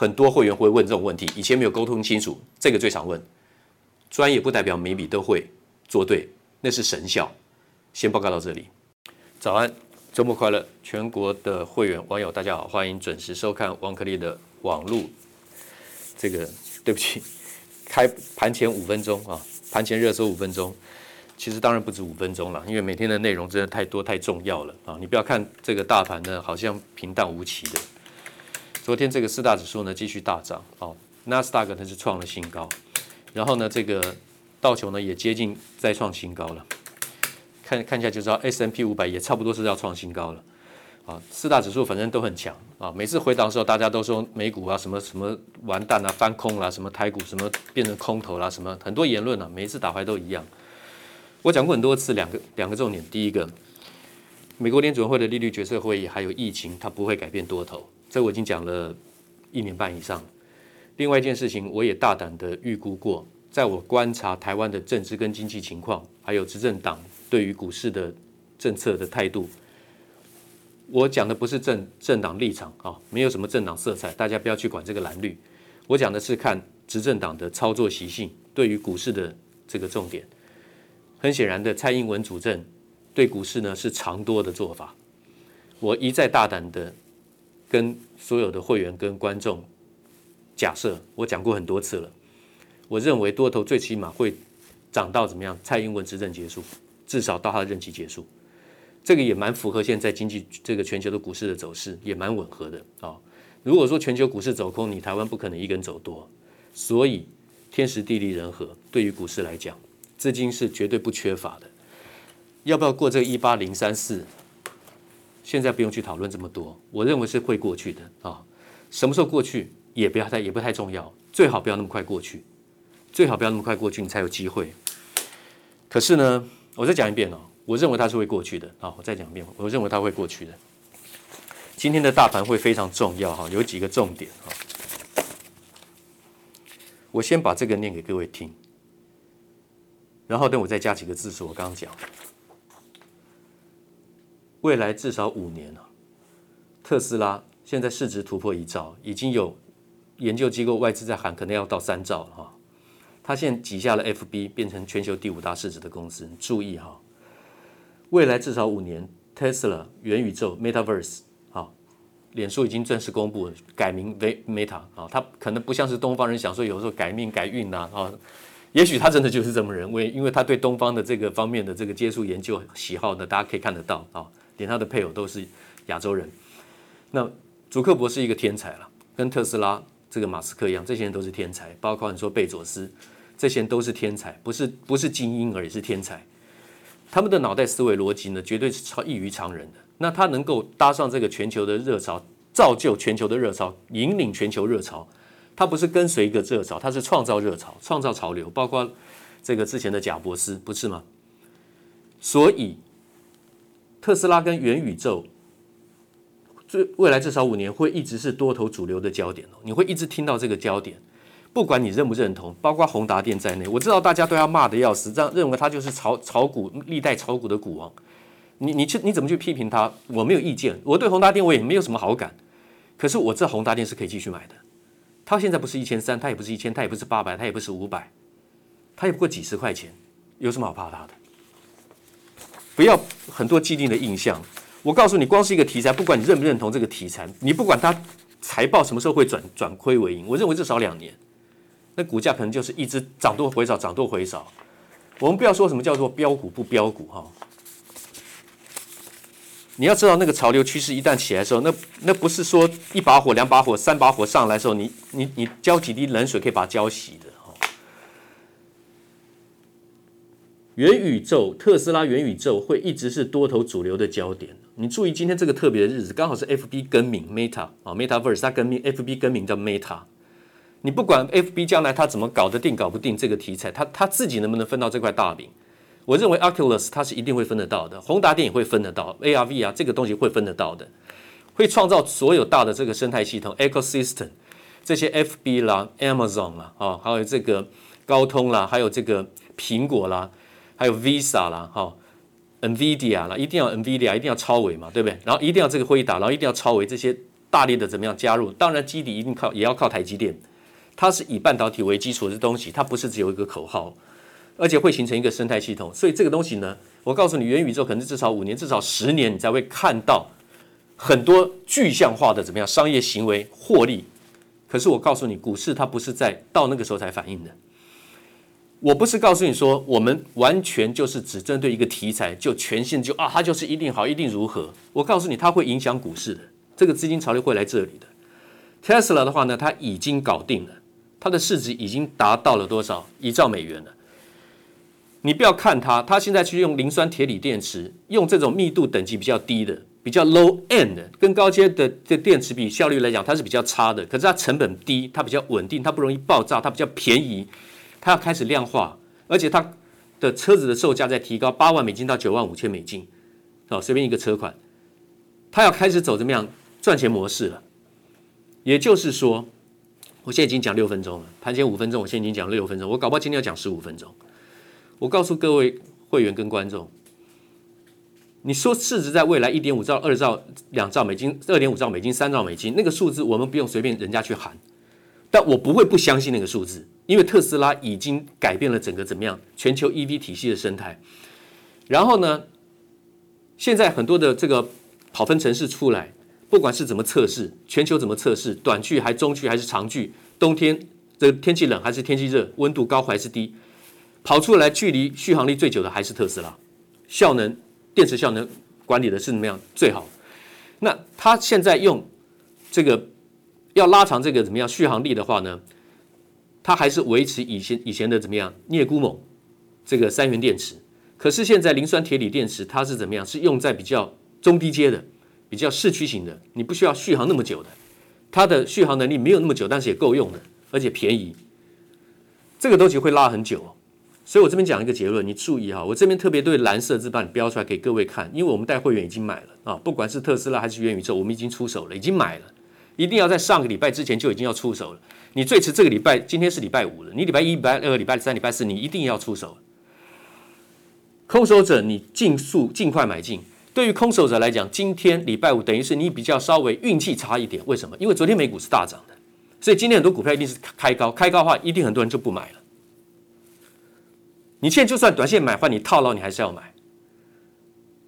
很多會員會問這種問題，以前沒有溝通清楚，這個最常問。專業不代表每筆都會做對，那是神效。先報告到這裡。早安，週末快樂，全國的會員網友大家好，歡迎準時收看王可立的網路。這個對不起，開盤前五分鐘啊，盤前熱搜五分鐘，其實當然不止五分鐘了，因為每天的內容真的太多太重要了啊。你不要看這個大盤呢，好像平淡無奇的。昨天這個四大指數呢繼續大漲，哦，納斯達克它是創了新高，然後呢這個道瓊呢也接近再創新高了看，看看一下就知道 S&P 五百也差不多是要創新高了，啊，四大指數反正都很強啊，每次回檔的時候大家都說美股啊什麼什麼完蛋啊翻空了、啊，什麼台股什麼變成空頭啦、啊，什麼很多言論啊，每一次打牌都一樣，我講過很多次兩個兩個重點，第一個，美國聯準會的利率決策會議還有疫情，它不會改變多頭。這我已經講了一年半以上了。另外一件事情，我也大膽的預估過，在我觀察台灣的政治跟經濟情況，還有執政黨對於股市的政策的態度。我講的不是政政黨立場啊，沒有什麼政黨色彩，大家不要去管這個藍綠。我講的是看執政黨的操作習性，對於股市的這個重點。很顯然的，蔡英文主政對股市呢是長多的做法。我一再大膽的。跟所有的會員跟觀眾，假設我講過很多次了，我認為多頭最起碼會漲到怎麼樣？蔡英文執政結束，至少到他的任期結束，這個也蠻符合現在經濟這個全球的股市的走勢，也蠻吻合的啊、哦。如果說全球股市走空，你台灣不可能一根走多，所以天時地利人和對於股市來講，資金是絕對不缺乏的。要不要過這個一八零三四？現在不用去討論這麼多，我認為是會過去的啊、哦。什麼時候過去也不要太也不太重要，最好不要那麼快過去，最好不要那麼快過去，你才有機會。可是呢，我再講一遍哦，我認為它是會過去的啊、哦。我再講一遍，我認為它會過去的。今天的大盤會非常重要哈、哦，有幾個重點啊、哦。我先把這個念給各位聽，然後等我再加幾個字，是我剛剛講。未來至少五年了、啊，特斯拉現在市值突破一兆，已經有研究機構外資在喊，可能要到三兆了、啊、哈。他現在擠下了 FB，變成全球第五大市值的公司。你注意哈、啊，未來至少五年，Tesla 元宇宙 Metaverse 哈、啊，臉書已經正式公布改名為 Meta 啊，他可能不像是東方人想說有時候改命改運吶啊,啊，也許他真的就是這麼認為，因為他對東方的這個方面的這個接觸研究喜好呢，大家可以看得到啊。連他的配偶都是亞洲人。那祖克柏是一個天才了，跟特斯拉、這個馬斯克一樣，這些人都是天才，包括你說貝佐斯，這些人都是天才，不是不是精英而也是天才。他們的腦袋思維邏輯呢，絕對是超異於常人的。那他能夠搭上這個全球的熱潮，造就全球的熱潮，引領全球熱潮。他不是跟隨一個熱潮，他是創造熱潮，創造潮流。包括這個之前的賈伯斯，不是嗎？所以。特斯拉跟元宇宙，最未來至少五年會一直是多頭主流的焦點哦，你會一直聽到這個焦點，不管你認不認同，包括宏達電在內，我知道大家都要罵得要死，這樣認為他就是炒炒股歷代炒股的股王，你你去你怎麼去批評他？我沒有意見，我對宏達電我也沒有什麼好感，可是我知道宏達電是可以繼續買的，它現在不是一千三，它也不是一千，它也不是八百，它也不是五百，它也不過幾十塊錢，有什麼好怕它的？不要很多既定的印象。我告訴你，光是一個題材，不管你認不認同這個題材，你不管它財報什麼時候會轉轉虧為盈，我認為至少兩年，那股價可能就是一直漲多回少，漲多回少。我們不要說什麼叫做標股不標股哈、哦，你要知道那個潮流趨勢一旦起來的時候，那那不是說一把火、兩把火、三把火上來的時候，你你你澆幾滴冷水可以把它澆熄的。元宇宙，特斯拉元宇宙會一直是多頭主流的焦點。你注意今天這個特別的日子，剛好是 FB 更名 Meta 啊，Metaverse 它更名 FB 更名叫 Meta。你不管 FB 將來它怎麼搞得定、搞不定這個題材，它它自己能不能分到這塊大餅？我認為 Oculus 它是一定會分得到的，宏達電也會分得到，AR VR 啊這個東西會分得到的，會創造所有大的這個生態系統 ecosystem，這些 FB 啦、Amazon 啦啊，還有這個高通啦，還有這個蘋果啦。還有 Visa 啦，哈、哦，NVIDIA 啦，一定要 NVIDIA，一定要超微嘛，對不對？然後一定要這個會議打，然後一定要超微。這些大力的怎麼樣加入？當然基底一定靠，也要靠台積電，它是以半導體為基礎的東西，它不是只有一個口號，而且會形成一個生態系統。所以這個東西呢，我告訴你，元宇宙可能至少五年，至少十年你才會看到很多具象化的怎麼樣商業行為獲利。可是我告訴你，股市它不是在到那個時候才反應的。我不是告訴你說，我們完全就是只針對一個題材，就全線就啊，它就是一定好，一定如何？我告訴你，它會影響股市的，這個資金潮流會來這裡的。Tesla 的話呢，它已經搞定了，它的市值已經達到了多少？一兆美元了。你不要看它，它現在去用磷酸鐵鋰電池，用這種密度等級比較低的、比較 low end 的，跟高階的的電池比效率來講，它是比較差的。可是它成本低，它比較穩定，它不容易爆炸，它比較便宜。它要開始量化，而且它的車子的售價在提高，八萬美金到九萬五千美金，好，哦，隨便一個車款，它要開始走怎麼樣賺錢模式了？也就是說，我現在已經講六分鐘了，盤前五分鐘，我現在已經講六分鐘，我搞不好今天要講十五分鐘。我告訴各位會員跟觀眾，你說市值在未來一點五兆、二兆、兩兆美金、二點五兆美金、三兆美金那個數字，我們不用隨便人家去喊。但我不會不相信那個數字，因為特斯拉已經改變了整個怎麼樣全球 EV 體系的生態。然後呢，現在很多的這個跑分程式出來，不管是怎麼測試，全球怎麼測試，短距還中距還是長距，冬天，這個天氣冷還是天氣熱，溫度高還是低，跑出來距離續航力最久的還是特斯拉，效能電池效能管理的是怎麼樣最好。那它現在用這個。要拉長這個怎麼樣續航力的話呢？它還是維持以前以前的怎麼樣鎳鈷錳這個三元電池。可是現在磷酸鐵鋰電池它是怎麼樣？是用在比較中低階的、比較市區型的，你不需要續航那麼久的。它的續航能力沒有那麼久，但是也夠用的，而且便宜。這個東西會拉很久哦。所以我這邊講一個結論，你注意哈哦，我這邊特別對藍色字幫你標出來給各位看，因為我們帶會員已經買了啊，不管是特斯拉還是元宇宙，我們已經出手了，已經買了。一定要在上個禮拜之前就已經要出手了。你最遲這個禮拜，今天是禮拜五了。你禮拜一、禮拜二、呃、禮拜三、禮拜四，你一定要出手。空手者你，你盡速盡快買進。對於空手者來講，今天禮拜五等於是你比較稍微運氣差一點。為什麼？因為昨天美股是大漲的，所以今天很多股票一定是開高。開高的話，一定很多人就不買了。你現在就算短線買話，換你套牢，你還是要買。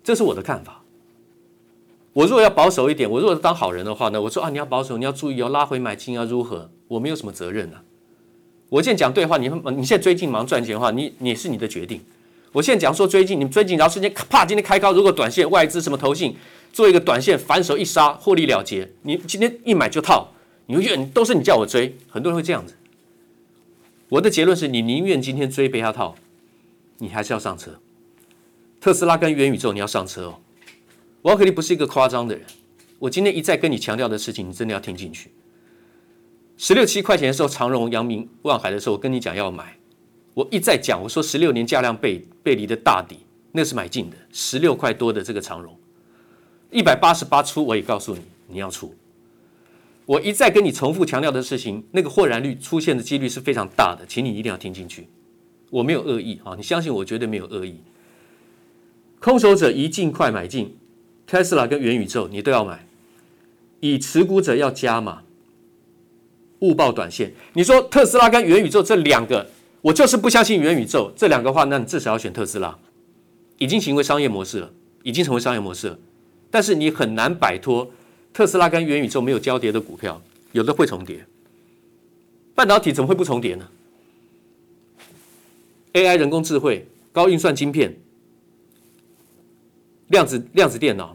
這是我的看法。我如果要保守一點，我如果是當好人的話呢？我說啊，你要保守，你要注意要、哦、拉回買進啊，如何？我沒有什麼責任啊。我現在講對話，你你現在追進忙賺錢的話你，你也是你的決定。我現在講說追進，你們追進，然後瞬間啪，今天開高，如果短線外資什麼投信做一個短線反手一殺，獲利了結。你今天一買就套，你會怨都是你叫我追，很多人會這樣子。我的結論是你寧願今天追被他套，你還是要上車。特斯拉跟元宇宙，你要上車哦。王可立不是一個誇張的人，我今天一再跟你強調的事情，你真的要聽進去。十六七塊錢的時候，長榮、陽明、萬海的時候，我跟你講要買，我一再講，我說十六年價量背背離的大底，那是買進的，十六塊多的這個長榮，一百八十八出，我也告訴你，你要出。我一再跟你重複強調的事情，那個豁然率出現的幾率是非常大的，請你一定要聽進去，我沒有惡意啊，你相信我，絕對沒有惡意。空手者一儘快買進。特斯拉跟元宇宙，你都要買，以持股者要加碼？勿抱短線，你說特斯拉跟元宇宙這兩個，我就是不相信元宇宙這兩個話，那你至少要選特斯拉。已經成為商業模式了，已經成為商業模式了。但是你很難擺脫特斯拉跟元宇宙沒有交疊的股票，有的會重疊。半導體怎麼會不重疊呢？AI、人工智慧、高運算晶片。量子量子電腦，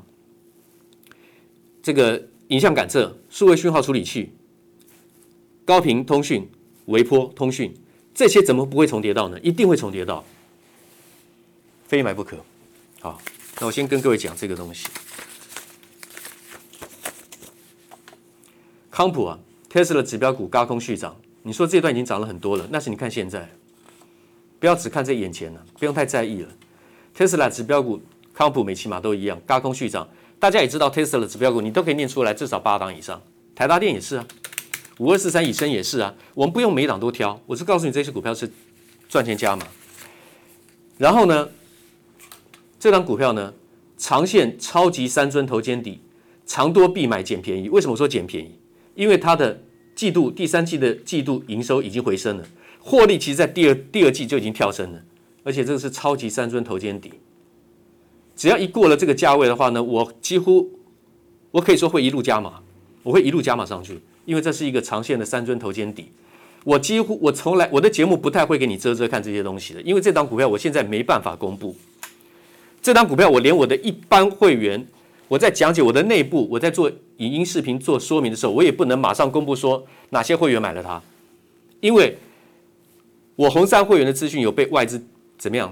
這個影像感測、數位訊號處理器、高頻通訊、微波通訊，這些怎麼不會重疊到呢？一定會重疊到，非買不可！好，那我先跟各位講這個東西。康普啊，Tesla 指標股軋空續漲，你說這段已經漲了很多了，那是你看現在，不要只看這眼前了，不用太在意了。Tesla 指標股。康普每期碼都一樣，嘎空續漲，大家也知道特斯拉指標股，你都可以念出來，至少八檔以上。台達電也是啊，五二四三以上也是啊。我們不用每檔都挑，我是告訴你這些股票是賺錢加碼。然後呢，這檔股票呢，長線超級三尊頭肩底，長多必買撿便宜。為什麼說撿便宜？因為它的季度第三季的季度營收已經回升了，獲利其實在第二第二季就已經跳升了，而且這個是超級三尊頭肩底。只要一過了這個價位的話呢，我幾乎，我可以說會一路加碼，我會一路加碼上去，因為這是一個長線的三尊頭肩底。我幾乎我從來我的節目不太會給你遮遮看這些東西的，因為這檔股票我現在沒辦法公布。這檔股票我連我的一般會員，我在講解我的內部，我在做影音視頻做說明的時候，我也不能馬上公布說哪些會員買了它，因為，我紅山會員的資訊有被外資怎麼樣？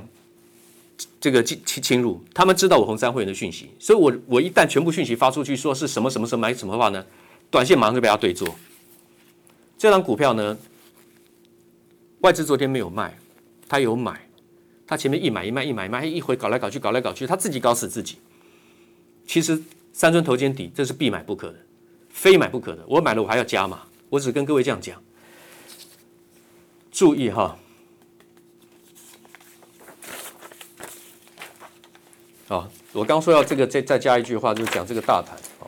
這個侵侵侵入，他們知道我紅豬會員的訊息，所以我我一旦全部訊息發出去，說是什麼什麼時候買什麼、什麼的話呢？短線馬上就被他對做。這張股票呢，外資昨天沒有賣，他有買，他前面一買一賣一買一賣一回搞來搞去搞來搞去，他自己搞死自己。其實三尊頭肩底這是必買不可的，非買不可的。我買了我還要加碼。我只跟各位這樣講，注意哈。好、哦，我剛說要這個，再再加一句話，就是講這個大盤啊、哦。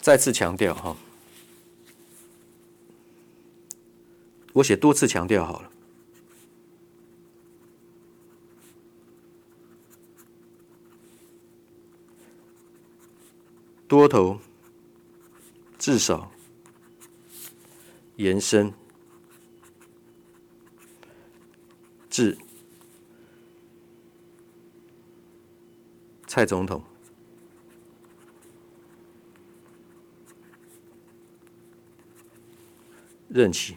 再次強調哈，我寫多次強調好了，多頭至少延伸至。蔡總統任期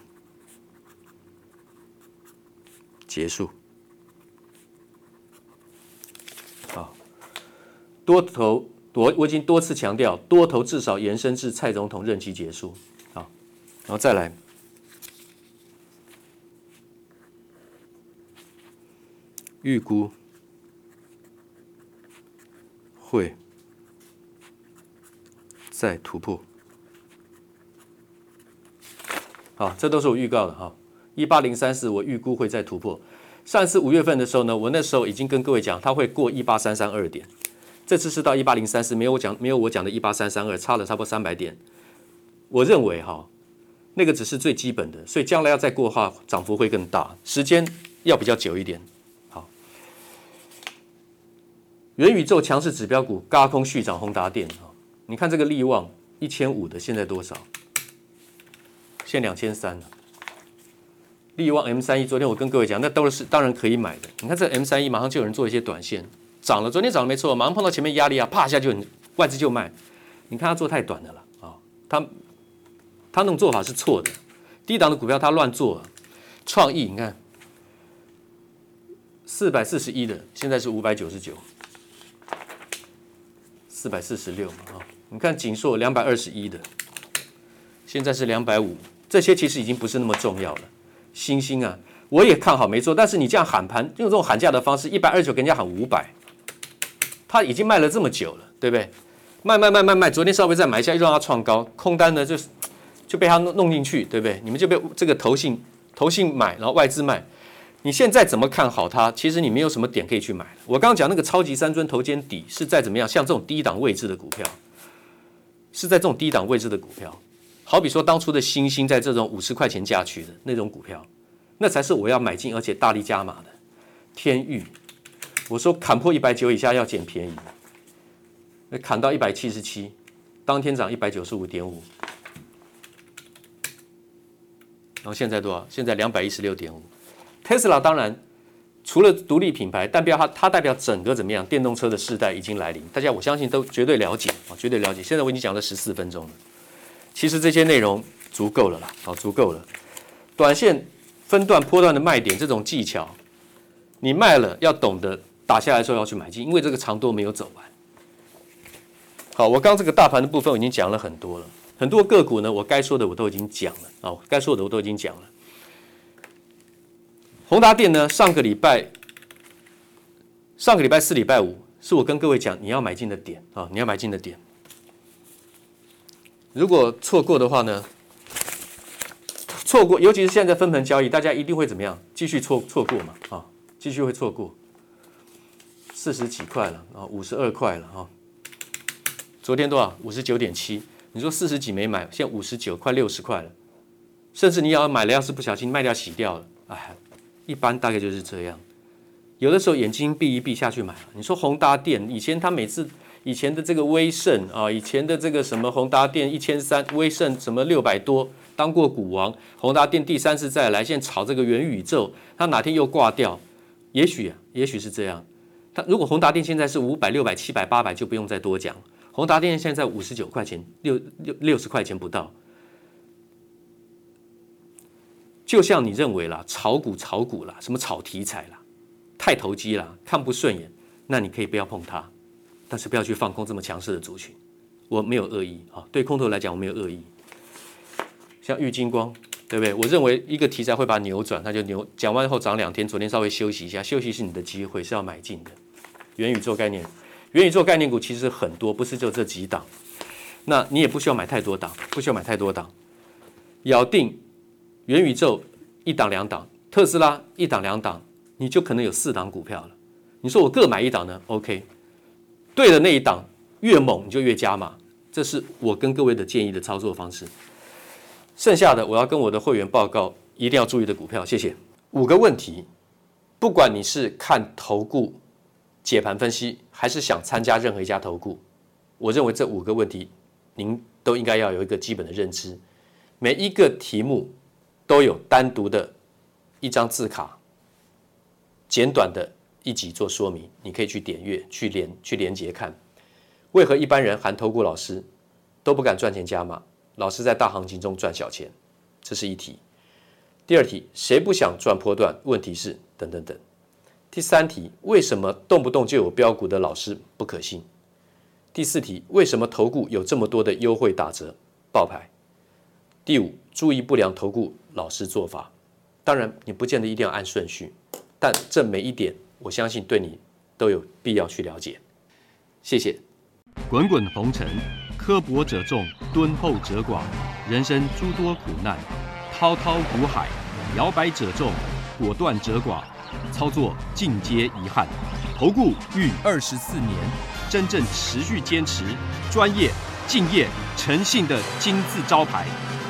結束，好，多頭多，我已經多次強調，多頭至少延伸至蔡總統任期結束，好，然後再來預估。會再突破，好，這都是我預告的哈。一八零三四，我預估會再突破。上次五月份的時候呢，我那時候已經跟各位講，它會過一八三三二點。這次是到一八零三四，沒有我講，沒有我講的一八三三二，差了差不多三百點。我認為哈，那個只是最基本的，所以將來要再過的話，漲幅會更大，時間要比較久一點。元宇宙強勢指標股嘎空續漲，宏達電啊，你看這個力旺一千五的，現在多少？現兩千三了。力旺 M 三一，昨天我跟各位講，那都是當然可以買的。你看這 M 三一，馬上就有人做一些短線，漲了，昨天漲了沒錯，馬上碰到前面壓力啊，啪一下就很外資就賣。你看他做太短的了啊、哦，他他那種做法是錯的。低檔的股票他亂做、啊，創意你看四百四十一的，現在是五百九十九。四百四十六啊！你看景碩兩百二十一的，現在是兩百五，這些其實已經不是那麼重要了。欣興啊，我也看好沒錯，但是你這樣喊盤，用這種喊價的方式，一百二十九給人家喊五百，他已經賣了這麼久了，對不對？賣賣賣賣賣，昨天稍微再買一下，又讓他創高，空單呢就就被他弄進去，對不對？你們就被這個投信投信買，然後外資賣。你現在怎麼看好它？其實你沒有什麼點可以去買的。我剛剛講那個超級三尊頭肩底是再怎麼樣，像這種低檔位置的股票，是在這種低檔位置的股票。好比說當初的欣興，在這種五十塊錢價區的那種股票，那才是我要買進而且大力加碼的。天鈺，我說砍破一百九以下要撿便宜，砍到一百七十七，當天漲一百九十五點五，然後現在多少？現在兩百一十六點五。Tesla 當然除了獨立品牌，代表它，它代表整個怎麼樣？電動車的時代已經來臨。大家我相信都絕對了解啊，絕對了解。現在我已經講了十四分鐘了，其實這些內容足夠了啦，好，足夠了。短線分段、波段的賣點，這種技巧，你賣了要懂得打下來之後要去買進，因為這個長多沒有走完。好，我剛這個大盤的部分我已經講了很多了，很多個股呢，我該說的我都已經講了啊、哦，該說的我都已經講了。宏達電呢？上個禮拜，上個禮拜四、禮拜五，是我跟各位講你要買進的點啊、哦，你要買進的點。如果錯過的話呢，錯過，尤其是現在分盤交易，大家一定會怎麼樣？繼續錯錯過嘛啊，哦，繼續會錯過。四十幾塊了啊，五十二塊了啊、哦，昨天多少？五十九點七。你說四十幾沒買，現在五十九塊、六十塊了。甚至你要買了，要是不小心賣掉洗掉了，唉一般大概就是這樣，有的時候眼睛閉一閉下去買。你說宏達電以前他每次以前的這個威盛啊，以前的這個什麼宏達電一千三，威盛什麼六百多，當過股王。宏達電第三次再來，現在炒這個元宇宙，他哪天又掛掉？也許，也許是這樣。他如果宏達電現在是五百、六百、七百、八百，就不用再多講。宏達電現在五十九塊錢，六六六十塊錢不到。就像你認為啦，炒股炒股啦，什麼炒題材啦，太投機啦，看不順眼，那你可以不要碰它，但是不要去放空這麼強勢的族群。我沒有惡意啊，對空頭來講我沒有惡意。像玉金光，對不對？我認為一個題材會把它扭轉，它就扭。講完後漲兩天，昨天稍微休息一下，休息是你的機會，是要買進的。元宇宙概念，元宇宙概念股其實很多，不是就這幾檔。那你也不需要買太多檔，不需要買太多檔，咬定。元宇宙一檔兩檔，特斯拉一檔兩檔，你就可能有四檔股票了。你說我各買一檔呢？OK，對的那一檔越猛，你就越加碼。這是我跟各位的建議的操作方式。剩下的我要跟我的會員報告，一定要注意的股票。謝謝。五個問題，不管你是看投顧解盤分析，還是想參加任何一家投顧，我認為這五個問題您都應該要有一個基本的認知。每一個題目，都有單獨的一張字卡，簡短的一集做說明，你可以去點閱、去連、去連接看，為何一般人含投顧老師都不敢賺錢加碼？老師在大行情中賺小錢，這是一題。第二題，誰不想賺波段？問題是等等等。第三題，為什麼動不動就有標股的老師不可信？第四題，為什麼投顧有這麼多的優惠打折包牌？第五。注意不良投顧老師做法，當然你不見得一定要按順序，但這每一點我相信對你都有必要去了解。謝謝。滾滾紅塵，刻薄者眾，敦厚者寡；人生諸多苦難，滔滔苦海，搖擺者眾，果斷者寡。操作盡皆遺憾，投顧逾二十四年，真正持續堅持、專業、敬業、誠信的金字招牌。